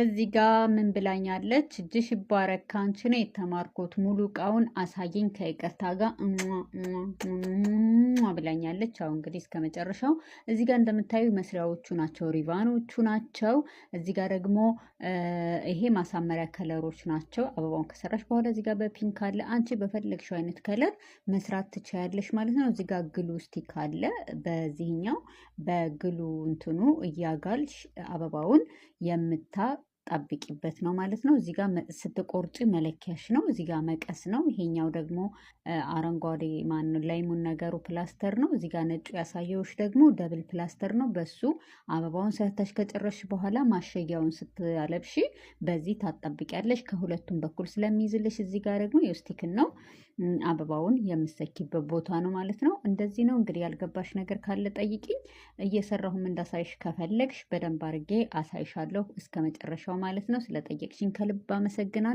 እዚህ ጋ ምን ብላኛለች? እጅሽ ይባረክ ካንቺ ነው የተማርኩት ሙሉ እቃውን አሳየኝ ከይቅርታ ጋር ብላኛለች። አሁ እንግዲህ እስከ መጨረሻው እዚህ ጋር እንደምታዩ መስሪያዎቹ ናቸው፣ ሪቫኖቹ ናቸው። እዚህ ጋር ደግሞ ይሄ ማሳመሪያ ከለሮች ናቸው። አበባውን ከሰራሽ በኋላ እዚህ ጋር በፒንክ አለ። አንቺ በፈለግሽው አይነት ከለር መስራት ትችያለሽ ማለት ነው። እዚህ ጋር ግሉ ስቲክ አለ። በዚህኛው በግሉ እንትኑ እያጋልሽ አበባውን የምታ ጠብቂበት ነው ማለት ነው። እዚጋ ስትቆርጭ መለኪያሽ ነው። እዚጋ መቀስ ነው። ይሄኛው ደግሞ አረንጓዴ ማን ላይሙን ነገሩ ፕላስተር ነው። እዚጋ ነጩ ያሳየውሽ ደግሞ ደብል ፕላስተር ነው። በሱ አበባውን ሰርተሽ ከጨረሽ በኋላ ማሸጊያውን ስትለብሽ በዚህ ታጠብቂያለሽ ከሁለቱም በኩል ስለሚይዝልሽ። እዚጋ ደግሞ የውስቲክን ነው አበባውን የምሰኪበት ቦታ ነው ማለት ነው። እንደዚህ ነው እንግዲህ። ያልገባሽ ነገር ካለ ጠይቂኝ። እየሰራሁም እንዳሳይሽ ከፈለግሽ በደንብ አርጌ አሳይሻለሁ እስከ መጨረሻው ማለት ነው። ስለጠየቅሽኝ ከልብ አመሰግናለሁ።